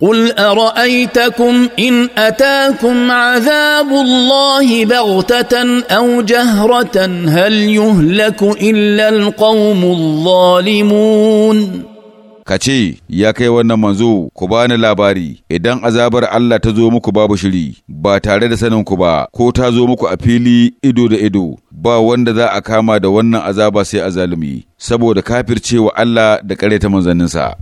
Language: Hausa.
قل ارايتكم ان اتاكم عذاب الله بغته او جهره هل يهلك الا القوم الظالمون kace ya kai wannan manzo ku bani labari idan azabar Allah ta zo muku babu shiri ba tare da sanin ku ba ko ta zo muku a fili ido da ido ba wanda za a kama da wannan azaba sai a zalumi, saboda kafircewa Allah da ƙareta manzanninsa